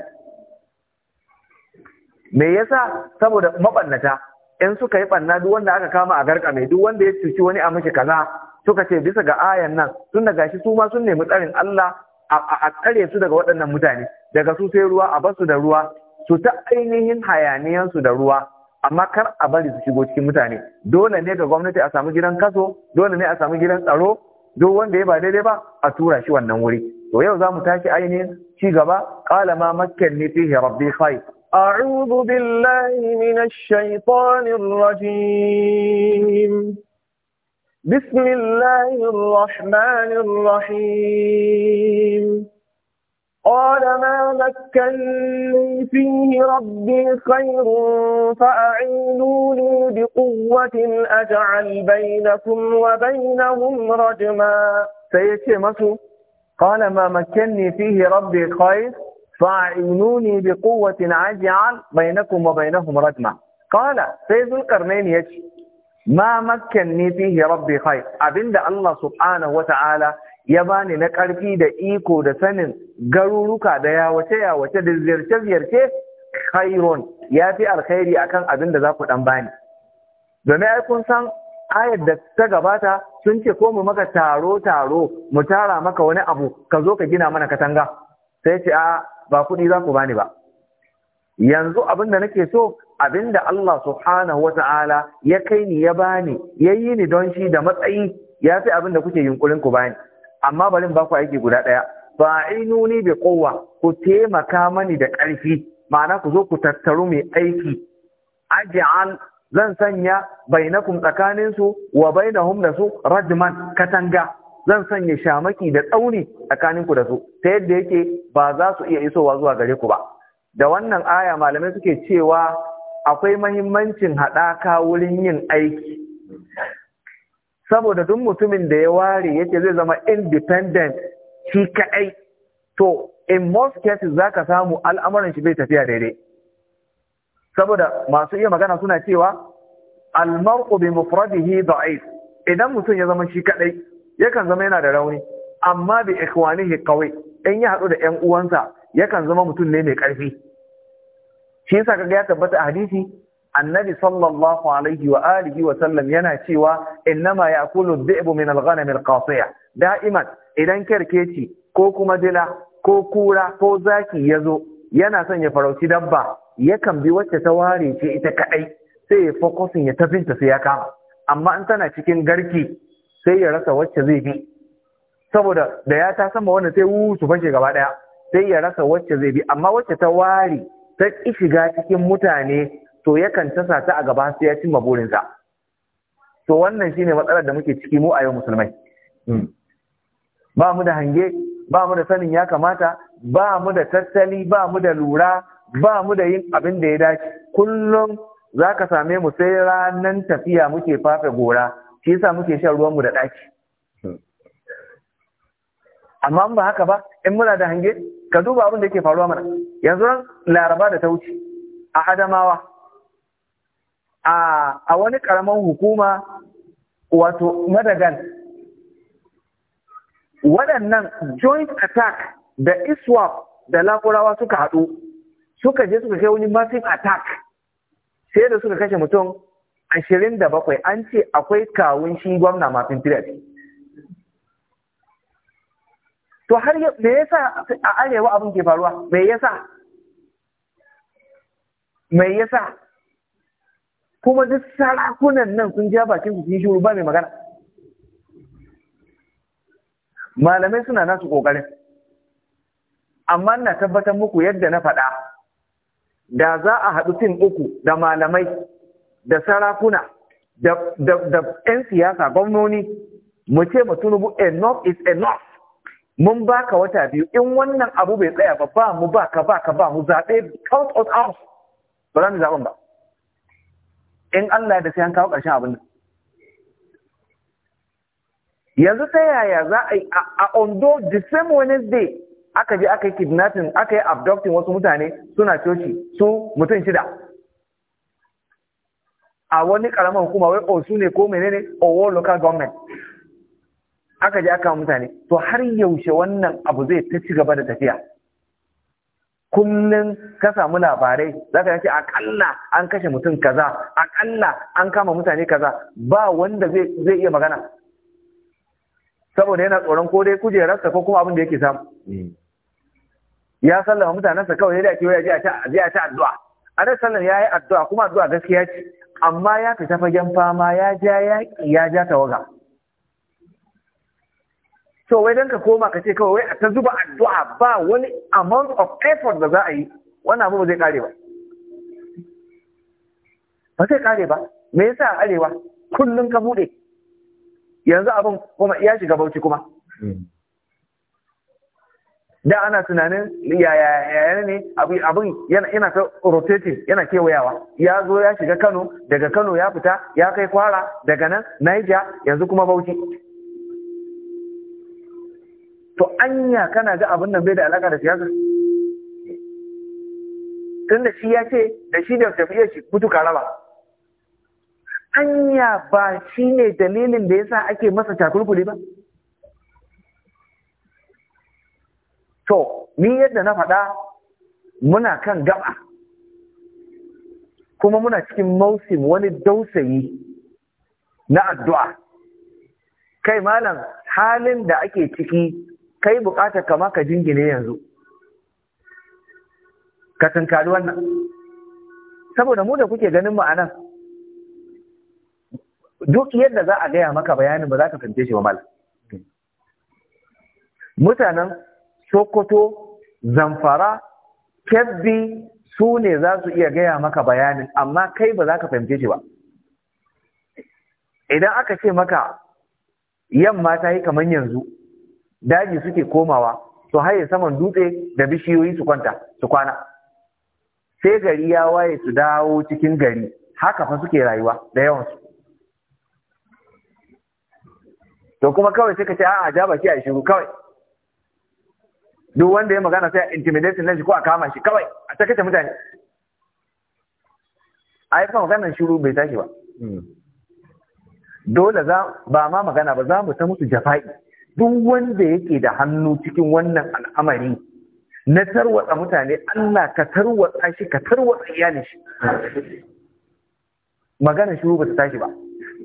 me yasa saboda mabannata in suka yi ɓanna duk wanda aka kama a mai duk wanda ya cuci wani a mashi kaza suka ce bisa ga ayan nan tun da gashi su ma sun nemi tsarin Allah a tsare su daga waɗannan mutane daga su sai ruwa a basu da ruwa su ta ainihin hayaniyansu da ruwa amma kar a bari su shigo cikin mutane dole ne ga gwamnati a samu gidan kaso dole ne a samu gidan tsaro duk wanda ya ba daidai ba a tura shi wannan wuri ويو yau zamu tashi ainihin قال ما qala ma فيه ربي خير أعوذ بالله من الشيطان الرجيم بسم الله الرحمن الرحيم قال ما مكنني فيه ربي خير فأعينوني بقوة أجعل بينكم وبينهم رجما سيتمسوا قال ما مكني فيه ربي خير bai بقوة عجعل بينكم وبينهم رجمة قال sai zulkarnain ya ci. Mamaken makkanni fihi rabbi khair abinda Allah subhanahu wata'ala ya bani na ƙarfi da iko da sanin garuruka da yawace yawace da ziyarce ziyarce khairun ya fi alkhairi akan abinda za ku dan bani domin ai kun san ayar da ta gabata sun ce ko mu maka taro taro mu tara maka wani abu ka zo ka gina mana katanga sai ce a ba kuɗi za ku bani ba yanzu abin da nake so abin da Allah subhanahu wata'ala ya kai ni ya bani ya yi ni don shi da matsayi ya fi abin da kuke yunkurin ku bani amma bari ba ku aiki guda ɗaya Ba nuni bi kowa ku taimaka mani da ƙarfi ma'ana ku zo ku tattaru mai aiki aj'al zan sanya bainakum tsakaninsu wa bainahum da su rajman katanga zan sanya shamaki da tsauni tsakaninku da su ta yadda yake ba za su iya isowa zuwa gare ku ba da wannan aya malamai suke cewa akwai mahimmancin haɗaka wurin yin aiki saboda duk mutumin da ya ware yake zai zama independent shi kaɗai to in most cases za ka samu al'amuran shi bai tafiya daidai saboda masu iya magana suna cewa almar'u bi mufradihi da'if idan mutum ya zama shi kadai yakan zama yana da rauni amma bi ikhwanihi qawi in ya hadu da ƴan uwansa yakan zama mutum ne mai ƙarfi shi yasa kaga ya tabbata a hadisi annabi sallallahu alaihi wa alihi wa sallam yana cewa innama ya'kulu dhi'bu min al-ghanam al-qasiya da'iman idan kerkeci ko kuma dila ko kura ko zaki yazo yana son ya farauci dabba yakan bi wacce ta ware ce ita kaɗai sai ya fokusin ya tafinta sai ya kama amma in tana cikin garki sai ya rasa wacce zai bi saboda da ya ta sama wanda sai wu su fashe gaba ɗaya sai ya rasa wacce zai bi amma wacce ta ware ta ƙi shiga cikin mutane to yakan tasa ta a gaba sai ya cimma burinsa to wannan shine matsalar da muke ciki mu a yau musulmai hmm. ba mu da hange ba mu da sanin ya kamata ba mu da tattali ba mu da lura ba mu da yin abin da ya dace kullum za ka same mu sai ranar tafiya muke fafe gora shi yasa muke shan ruwan mu da ɗaci. amma ba haka ba in muna da hange ka duba abin da yake faruwa mana yanzu ran laraba da ta wuce a adamawa a wani karaman hukuma wato madagan waɗannan joint attack da iswap da lakurawa suka haɗu suka je suka kai wani massive attack sai da suka kashe mutum ashirin da bakwai an ce akwai kawun shi gwamna mafin ciki. to har me yasa a arewa abin ke faruwa me yasa me yasa kuma duk sarakunan nan sun ja bakin su sun shiru ba mai magana malamai suna nasu kokarin amma na tabbatar muku yadda na faɗa da za a haɗu fim uku da malamai da sarakuna da 'yan siyasa gwamnoni mu ce mu tunubu enough is enough mun baka wata biyu in wannan abu bai tsaya ba ba mu ba ka ba ka ba mu zaɓe count us out ba za mu zaɓen ba in Allah da sai an kawo ƙarshen abin nan yanzu ta yaya za a yi a ondo the same wednesday aka je aka yi kidnapping aka yi abducting wasu mutane suna coci su mutum shida a wani karamar hukuma wai su ne ko menene owo local government aka je aka mutane to har yaushe wannan abu zai ta ci gaba da tafiya kullum ka samu labarai za ka yace akalla an kashe mutum kaza akalla an kama mutane kaza ba wanda zai iya magana saboda yana tsoron ko dai kujerarsa ko kuma abin da yake samu mm. ya sallama mutanensa kawai ya dace ya je a ci addu'a A da sallar ya yi addu'a kuma addu'a gaskiya ce amma ya fita fagen fama ya ja yaƙi ya ja tawaga to wai don ka koma ka ce kawai wai ta zuba addu'a ba wani amount of effort da za a yi wannan abu ba zai kare ba ba zai kare ba me yasa arewa kullum ka bude yanzu abin kuma ya shiga bauchi kuma hmm. da ana tunanin yaya ne abin yana ta rotating yana kewayawa ya zo ya shiga kano daga kano ya fita ya kai kwara daga nan naija yanzu kuma bauchi to anya kana ga abin nan bai da alaka da siyasa tun da shi ya ce da shi da tafiyar shi mutu karaba anya ba shi ne dalilin da yasa ake masa takurkuli ba to ni yadda na faɗa muna kan gaba kuma muna cikin mausim wani dausayi na addu'a kai malam halin da ake ciki kai bukatar kama ka jingine yanzu ka tunkari wannan saboda mu da kuke ganin mu duk yadda za a gaya maka bayanin ba za ka fahimce shi ba malam mutanen Sokoto, Zamfara, Kebbi su ne za su iya gaya maka bayanin amma kai ba za ka fahimce shi ba. Idan aka ce maka yamma ta yi kamar yanzu, daji suke komawa, su haye saman dutse da bishiyoyi su kwanta, su kwana. Sai gari ya waye su dawo cikin gari, haka fa suke rayuwa da yawansu. To kuma kawai sai ka ce a'a ja shi a shiru kawai. duk wanda ya magana sai a intimidating nan shi ko a kama shi kawai a takaita mutane a yi fa maganar shiru bai tashi ba hmm. dole za ba ma magana ba za mu ta musu jafa'i duk wanda yake da hannu cikin wannan al'amari na tarwatsa mutane Allah ka tarwatsa shi ka tarwatsa iyalin shi magana shiru ba ta tashi ba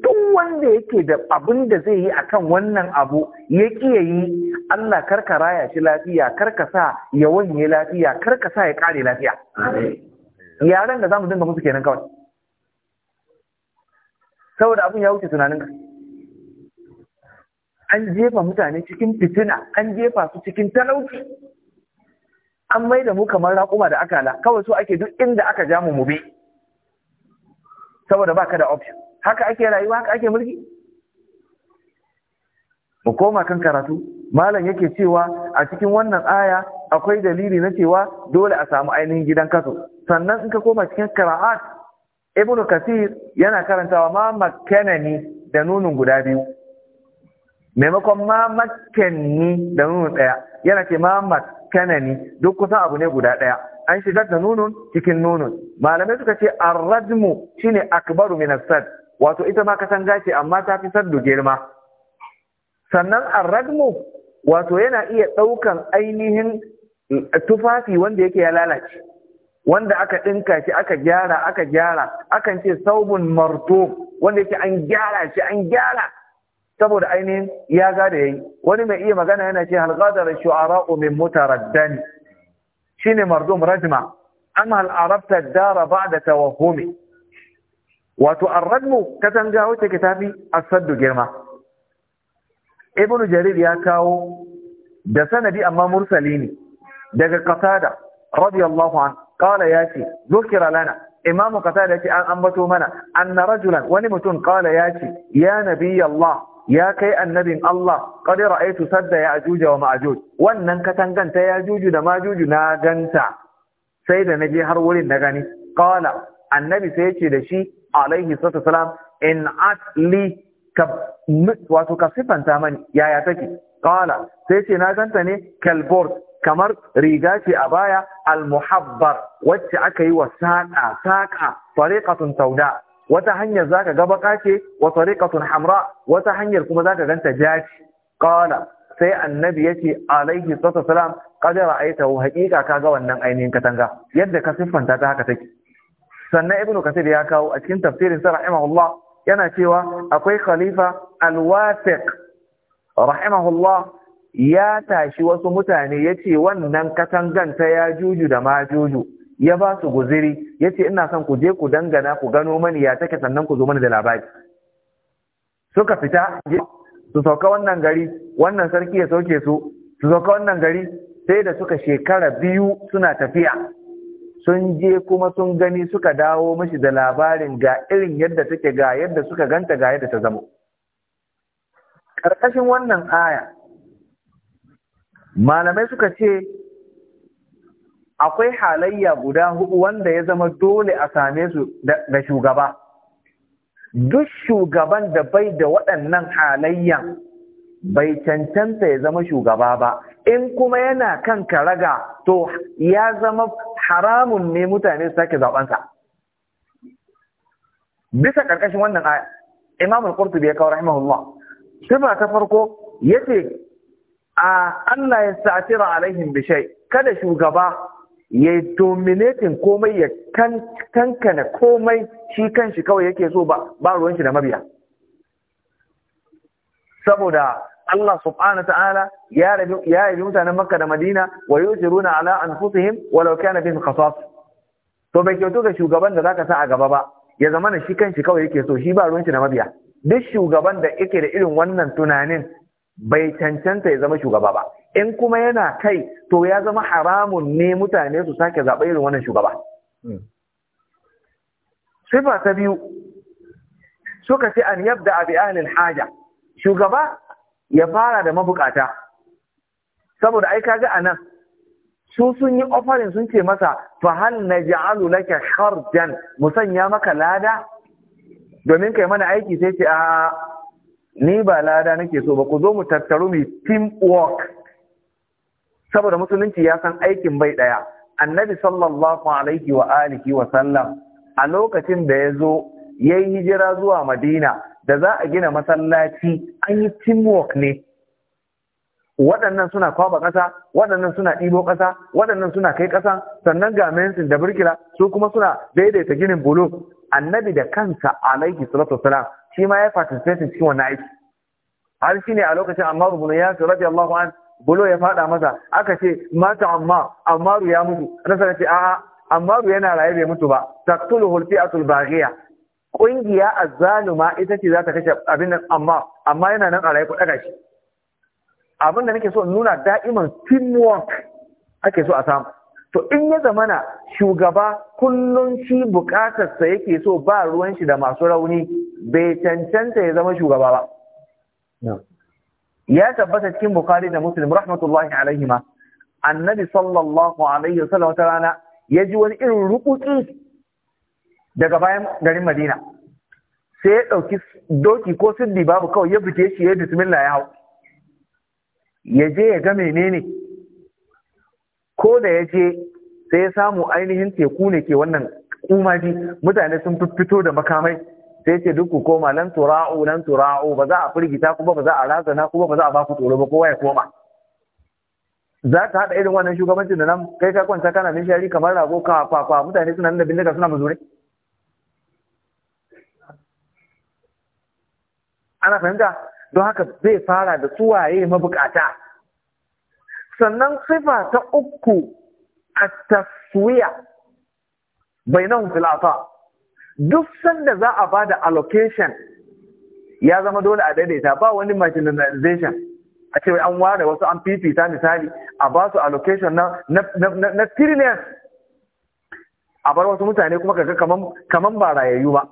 duk wanda yake da abin da zai yi akan wannan abu ya ya yi Allah karka raya shi lafiya karka sa ya wanye lafiya karka sa ya kare lafiya yaran da zamu dinga musu kenan kawai saboda abin ya wuce tunaninka an jefa mutane cikin fitina an jefa su cikin talauci an mai da mu kamar raƙuma da akala kawai so ake duk inda aka ja mu bi saboda baka da option haka ake rayuwa haka ake mulki mu koma kan karatu malam yake cewa a cikin wannan aya akwai dalili na cewa dole a samu ainihin gidan kaso sannan in ka koma cikin qira'at ibnu kasir yana karantawa ma makkanani da nunun guda biyu maimakon ma makkanni da nunun daya yana ce ma makkanani duk kusan abu ne guda daya an shigar da nunun cikin nunun malamai suka ce arrajmu shine akbaru min as wato ita ma katanga ce amma ta fi saddu girma sannan arragmu wato yana iya ɗaukan ainihin eh, tufafi wanda yake ya lalace wanda aka ɗinka shi aka gyara aka gyara akan ce saubun marto wanda yake an gyara shi an gyara saboda ainihin ya ga da yayi wani mai iya magana yana ce halqadar shu'ara'u min mutaraddan shine mardum rajma amma al arabta dara ba'da tawahhumi wato arradmu katanga wacce ke tafi saddu girma ibnu jarir ya kawo da sanadi amma mursalini daga qatada radiyallahu an qala yace zukira lana imam qatada yace an ambato mana anna rajulan wani mutum qala yace ya nabiyallah ya kai annabin allah qad ra'aytu sadda ya'juj wa ma'juj wannan katangan ta ya'juj da ma'juj na ganta sai da naje har wurin na gani qala annabi sai yace da shi alaihi salatu wasalam in atli ka wato ka sifanta mani yaya take qala sai ce na ganta ne kalbord kamar riga ce a baya almuhabbar wacce aka yi wa saƙa saƙa tariqatun sauda wata hanyar zaka ga baka ce wa Fariqatun hamra wata hanyar kuma zaka ganta jaci qala sai annabi yace alaihi salatu wasalam qad ra'aytahu haqiqa kaga wannan ainihin katanga yadda ka siffanta ta haka take sannan ibnu kasir ya kawo a cikin tafsirin sa rahimahullah yana cewa akwai khalifa al-wasiq rahimahullah ya tashi wasu mutane yace wannan katangan ta ya juju da ma juju ya ba su guziri yace ina son ku je ku dangana ku gano mani ya take sannan ku zo mani da labari suka fita su sauka wannan gari wannan sarki ya sauke su su sauka wannan gari sai da suka shekara biyu suna tafiya sun je kuma sun gani suka dawo mashi da labarin ga irin yadda take ga yadda suka ganta ga yadda ta zamo ƙarƙashin wannan aya malamai suka ce akwai halayya guda hudu wanda ya zama dole a same su da shugaba duk shugaban da bai da waɗannan halayyan bai cancanta ya zama shugaba ba in kuma yana kan karaga to ya zama haramun ne mutane su sake zaɓansa. bisa ƙarƙashin wannan aya imam al-qurtubi ya kawo rahimahullah sifa ta farko yace a Allah ya satira alaihim bi shay kada shugaba ya dominatin komai ya kankana komai shi kanshi kawai yake so ba ba ruwan shi da mabiya saboda Allah subhanahu ta'ala ya rabi ya mutanen Makka da Madina wa yusiruna ala anfusihim walau kana bihim khasas to bai kyautu ga shugaban da zaka sa a gaba ba ya zama shi kanshi kawai yake so shi ba ruwan shi na mabiya duk shugaban da yake da irin wannan tunanin bai cancanta ya zama shugaba ba in kuma yana kai to ya zama haramun ne mutane su sake zaɓa irin wannan shugaba hmm. sifa ta biyu suka ce an yabda abi ahlil haja shugaba ya fara da mabukata saboda ai kaga anan su sun yi ofarin sun ce masa fa hal naj'alu laka kharjan mu sanya maka lada domin kai mana aiki sai ce a ni ba lada nake so ba ku zo mu tattaru mu team work saboda musulunci ya san aikin bai ɗaya, annabi sallallahu alaihi wa alihi wa sallam a lokacin da ya zo yayi hijira zuwa madina da za a gina masallaci an yi teamwork ne waɗannan suna kwaba ƙasa waɗannan suna ɗibo ƙasa waɗannan suna kai ƙasa sannan ga mensin da birkila su kuma suna daidaita ginin bulo annabi da kansa alaihi salatu wasalam shi ma ya participate cikin wannan aiki har ne a lokacin Ammar ibn Yasir radiyallahu an bulo ya faɗa masa aka ce mata amma Ammaru ya mutu rasa ce a'a Ammaru yana raye bai mutu ba taqtuluhu al-fi'atu al ƙungiya azzaluma ita ce za ta kashe abin nan amma amma yana nan a rayu kuɗa shi abin da nake so nuna da'iman teamwork ake so a samu to in ya zamana shugaba kullum shi sa yake so ba ruwan shi da masu rauni bai cancanta ya zama shugaba ba ya tabbata cikin bukari da muslim rahmatullahi alaihima annabi sallallahu alaihi wasallam ta rana ya ji wani irin rubutu daga bayan garin madina sai ya ɗauki doki ko siddi babu kawai ya fice shi ya bismillah ya hau ya je ya ga menene ko da ya je sai ya samu ainihin teku ne ke wannan kumaji mutane sun fito da makamai sai ce duk ku koma lan tura'u lan tura'u ba za a firgita kuma ba za a razana kuma ba za a ba ku tsoro ba kowa ya koma za ta haɗa irin wannan shugabancin da nan kai ka kwanta kana nishari kamar rago ka kwakwa mutane suna nan da bindiga suna mazuri ana fahimta don haka zai fara da suwaye mabukata sannan sifa ta uku a taswiya bainan filafa duk sanda za a ba da allocation ya zama dole a daidaita ba wani marginalization a ce an ware wasu an fifita misali a ba su allocation na na a bar wasu mutane kuma kaga kaman ba rayayyu ba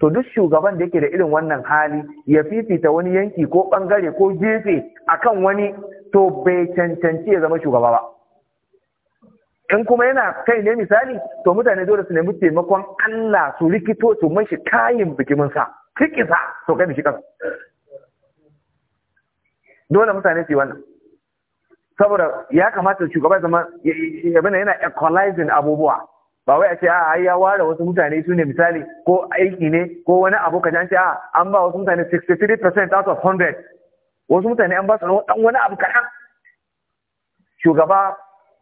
to duk shugaban da yake da irin wannan hali ya fifita wani yanki ko bangare ko gefe akan wani to bai cancanci ya zama shugaba ba in kuma yana kai ne misali to mutane dole su nemi taimakon Allah su rikito su mashi kayan bikimin sa to kai shi kasa dole mutane su yi wannan saboda ya kamata shugaba zama yana equalizing abubuwa ba wai a ce a ya ware wasu mutane su ne misali ko aiki ne ko wani abu ka ce a an ba wasu mutane 63% out of 100 wasu mutane an ba su dan wani abu kaɗan shugaba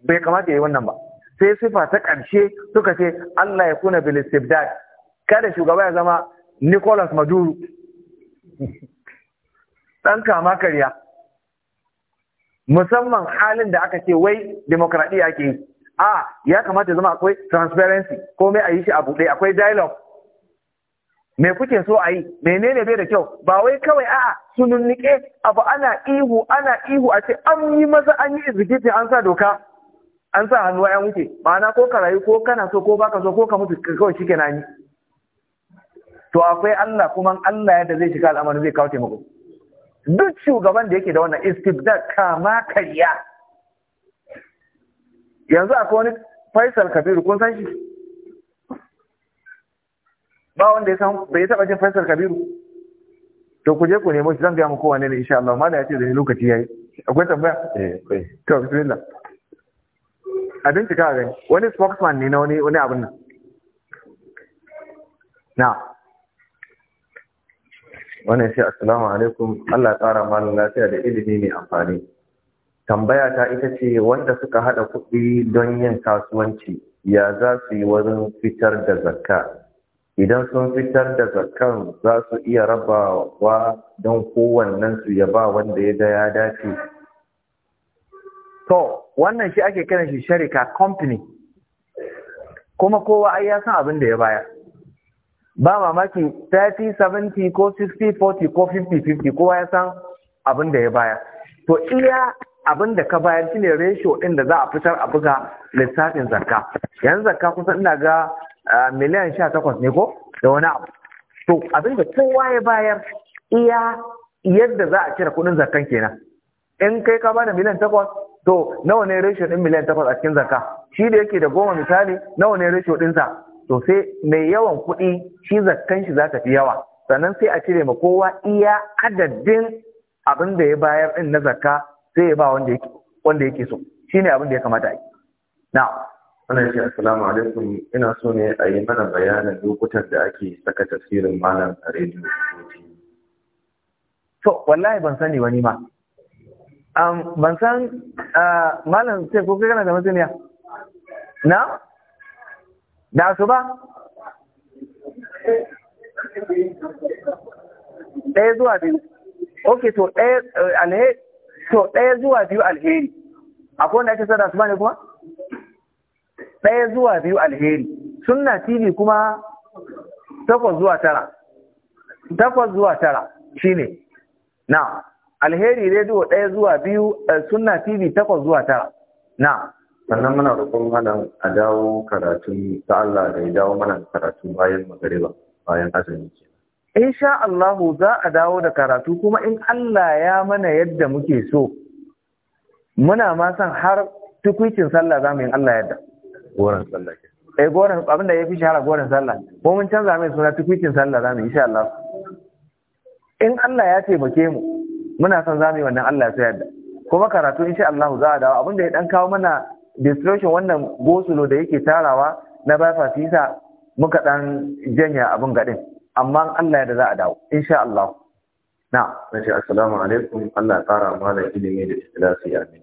bai kamata ya yi wannan ba sai sifa ta ƙarshe suka ce Allah ya kuna bil istibdad kada shugaba ya zama Nicolas Maduro dan kama karya musamman halin da aka ce wai demokradiya ake yi a ya kamata zama akwai transparency komai a yi shi a buɗe akwai dialogue me kuke so ayi? menene bai da kyau ba wai kawai a'a sununniƙe abu ana ihu ana ihu a ce an yi maza an yi izikiti an sa doka an sa hannu ya wuce ma'ana ko ka rayu ko kana so ko baka so ko ka mutu kawai shike na yi to akwai Allah kuma Allah yadda zai shiga al'amarin zai kawo taimako duk shugaban da yake da wannan istibdad kama karya yanzu akwai wani faisal kabiru kun san shi ba wanda ya san bai taba jin faisal kabiru to ku je ku nemo shi zan gaya muku wane ne insha Allah mala ya ce da lokaci yayi akwai tambaya eh akwai to bismillah abin ka gani wani spokesman ne na wani wani abin nan na wannan shi assalamu alaikum Allah ya tsara malam lafiya da ilimi mai amfani tambaya ta ita ce wanda suka hada kuɗi don yin kasuwanci ya za su yi wurin fitar da zakka idan sun fitar da zakkan za su iya rabawa don kowannensu ya ba wanda ya ga ya dace to wannan shi ake kiran shi sharika company kuma kowa ai ya san abin da ya baya ba mamaki 30 70 ko 60 40 ko 50 50 kowa ya san abin da ya baya to iya abin da ka bayar ne ratio ɗin da za a fitar a buga lissafin zakka yanzu zakka kusan ina ga miliyan sha takwas ne ko da wani abu to abin da kowa ya bayar iya yadda za a cire kuɗin zakkan kenan in kai ka bada miliyan takwas to nawa ne ratio ɗin miliyan takwas a cikin zakka shi da yake da goma misali nawa ne ratio ɗinsa to sai mai yawan kuɗi shi zakkan shi za ta fi yawa sannan sai a cire ma kowa iya adadin abin da ya bayar ɗin na zakka sai ba wanda yake so shi so shine abin da ya kamata yi na wannan shi assalamu alaikum ina so ne a yi mana bayanin lokutan da ake saka tasirin malam a rediyo to wallahi ban sani wani ma um, ban san malam sai ko kai kana da masaniya na da su ba ɗaya zuwa biyu ok to ɗaya eh, alhe to ɗaya zuwa biyu alheri akwai wanda ake sadar su ne kuma ɗaya zuwa biyu alheri suna tv kuma takwas zuwa tara takwas zuwa tara shi ne. na alheri rediyo ɗaya zuwa biyu eh, suna tv takwas zuwa tara na sannan muna rukun malam a dawo karatun ta Allah da ya dawo mana karatun bayan magariba bayan azumi insha Allahu za a dawo da karatu kuma in Allah ya mana yadda muke so muna ma san har tukwicin sallah za mu yi Allah yadda goren sallah ke eh goran abin da yafi shahara goran sallah ko mun canza mai suna tukwicin sallah za mu insha Allah in Allah ya taimake mu muna san za mu yi wannan Allah ya yadda kuma karatu insha Allahu za a dawo abin da ya dan kawo mana distraction wannan gosulo da yake tarawa na bafa fisa muka dan janya abin gadin amma Allah ya da za a dawo insha Allah na nace assalamu alaikum Allah ya kara mana ilimi da ikhlasi amin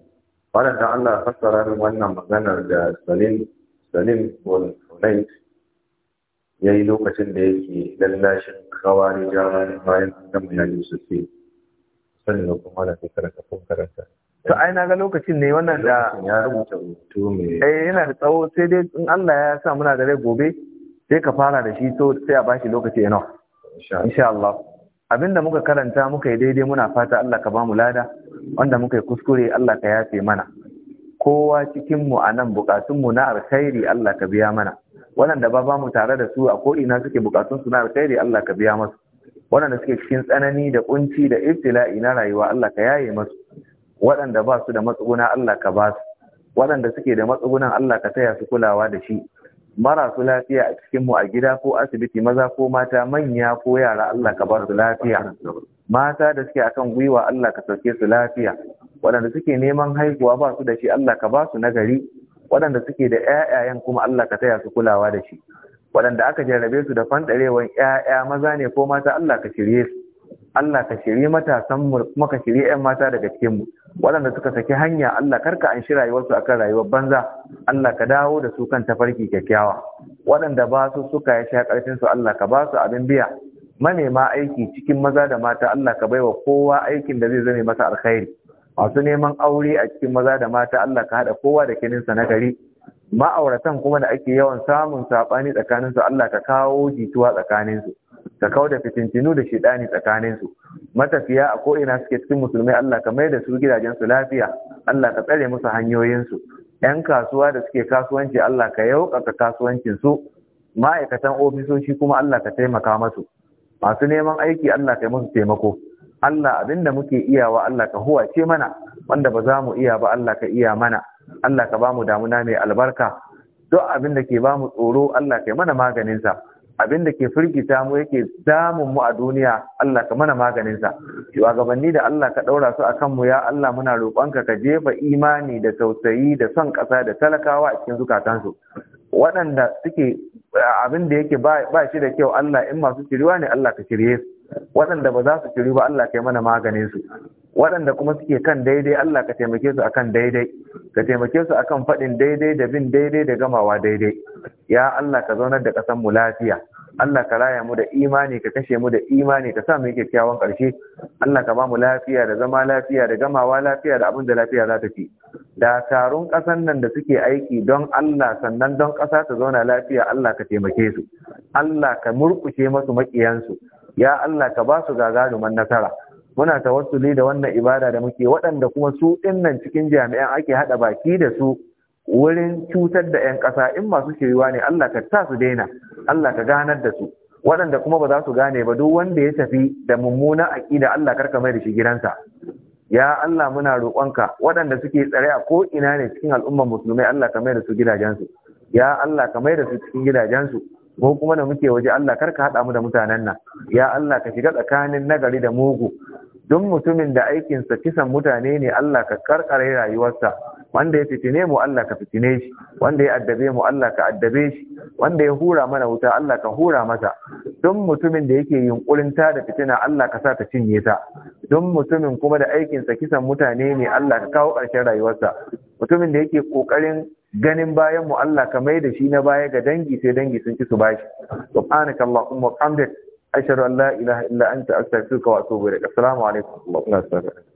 wannan dan Allah fassara min wannan maganar da Salim Salim bin Hunayt yayi lokacin da yake lallashin kawari jawani bayan an gama yaji sosai sanin da kuma da fikira ka kun karanta to ai na ga lokacin ne wannan da ya rubuta rubutu eh yana da tsawo sai dai in Allah ya sa muna da rai gobe sai ka fara da shi to sai a bashi lokaci enough insha Allah abinda muka karanta muka yi daidai muna fata Allah ka bamu lada wanda muka yi kuskure Allah ka yafe mana kowa cikin mu anan bukatun mu na alkhairi Allah ka biya mana waɗanda ba ba mu tare da su a ko ina suke bukatun su na alkhairi Allah ka biya masu waɗanda suke cikin tsanani da kunci da ibtila'i na rayuwa Allah ka yaye masu waɗanda ba su da matsuguna Allah ka ba su waɗanda suke da matsugunan Allah ka taya su kulawa da shi marasu lafiya a cikinmu a gida ko asibiti maza ko mata manya ko yara Allah ka bar su lafiya mata da suke akan gwiwa Allah ka sauke su lafiya waɗanda suke neman haihuwa ba su da shi Allah ka ba su nagari waɗanda suke da ƴaƴayen kuma Allah ka taya su kulawa da shi waɗanda aka jarrabe su da fanɗarewan ƴaƴa maza ne ko mata Allah ka shirye su Allah ka shirye matasan mu kuma ka shirye ƴan mata daga cikin mu waɗanda suka saki hanya Allah karka an shi rayuwarsu akan rayuwar banza Allah ka dawo da su kan tafarki kyakkyawa waɗanda ba su suka ya sha ƙarfin su Allah ka ba su abin biya manema aiki cikin maza da mata Allah ka baiwa kowa aikin da zai zame masa alkhairi masu neman aure a cikin maza da mata Allah ka haɗa kowa da kininsa na gari ma'auratan kuma da ake yawan samun saɓani tsakaninsu Allah ka kawo jituwa tsakaninsu ka kauda fitintinu da shidani tsakanin su matafiya a ko'ina suke cikin musulmai Allah ka mai da su gidajen su lafiya Allah ka tsare musu hanyoyin su yan kasuwa da suke kasuwanci Allah ka yaukaka kasuwancin su ma'aikatan ofisoshi kuma Allah ka taimaka masu masu neman aiki Allah ka yi musu taimako Allah abinda muke iyawa Allah ka huwace mana wanda ba za mu iya ba Allah ka iya mana Allah ka bamu damuna mai albarka duk abin da ke bamu tsoro Allah ka yi mana maganinsa abin da ke firgita mu yake damun mu a duniya Allah ka mana maganin sa shugabanni da Allah ka daura su akan mu ya Allah muna roƙonka ka jefa imani da tausayi da son ƙasa da talakawa a cikin su waɗanda suke abin da yake ba shi da kyau Allah in masu shiriwa ne Allah ka shirye su waɗanda ba za su shiri ba Allah ka yi mana maganin su waɗanda kuma suke kan daidai Allah ka taimake su akan daidai ka taimake su akan faɗin daidai da bin daidai da gamawa daidai ya Allah ka zaunar da ƙasar mu lafiya Allah ka raya mu da imani ka kashe mu da imani ka sa mu yi kyakkyawan ƙarshe Allah ka ba mu lafiya da zama lafiya da gamawa lafiya da abin da lafiya za ta ci da tarun ƙasan nan da suke aiki don Allah sannan don ƙasa ta zauna lafiya Allah ka taimake su Allah ka murƙushe masu maƙiyansu ya Allah ka ba su gagaruman nasara muna tawassuli da wannan ibada da muke waɗanda kuma su ɗinnan cikin jami'an ake haɗa baki da su wurin cutar da 'yan ƙasa in masu shiriwa ne Allah ka ta su daina Allah ka ganar da su waɗanda kuma ba za su gane ba duk wanda ya tafi da mummunan aƙida Allah karka mai da shi gidansa ya Allah muna roƙonka waɗanda suke tsare a ko'ina ne cikin al'ummar musulmai Allah ka mai da su gidajensu ya Allah ka mai da su cikin gidajensu ko kuma da muke waje Allah karka haɗa mu da mutanen nan ya Allah ka shiga tsakanin nagari da mugu duk mutumin da aikinsa kisan mutane ne Allah ka karkare rayuwarsa wanda ya fitine mu Allah ka fitine shi wanda ya addabe mu Allah ka addabe shi wanda ya hura mana wuta Allah ka hura masa. don mutumin da yake yunkurin ta da fitina Allah ka sa ta cinye ta don mutumin kuma da aikinsa kisan mutane ne Allah ka kawo ƙarshen rayuwarsa mutumin da yake ƙoƙarin ganin bayan mu Allah ka mai da shi na baya ga dangi sai dangi sun ci su bashi subhanaka allahumma wa bihamdik ashhadu an la ilaha illa anta astaghfiruka wa atubu ilaik assalamu alaikum wa rahmatullahi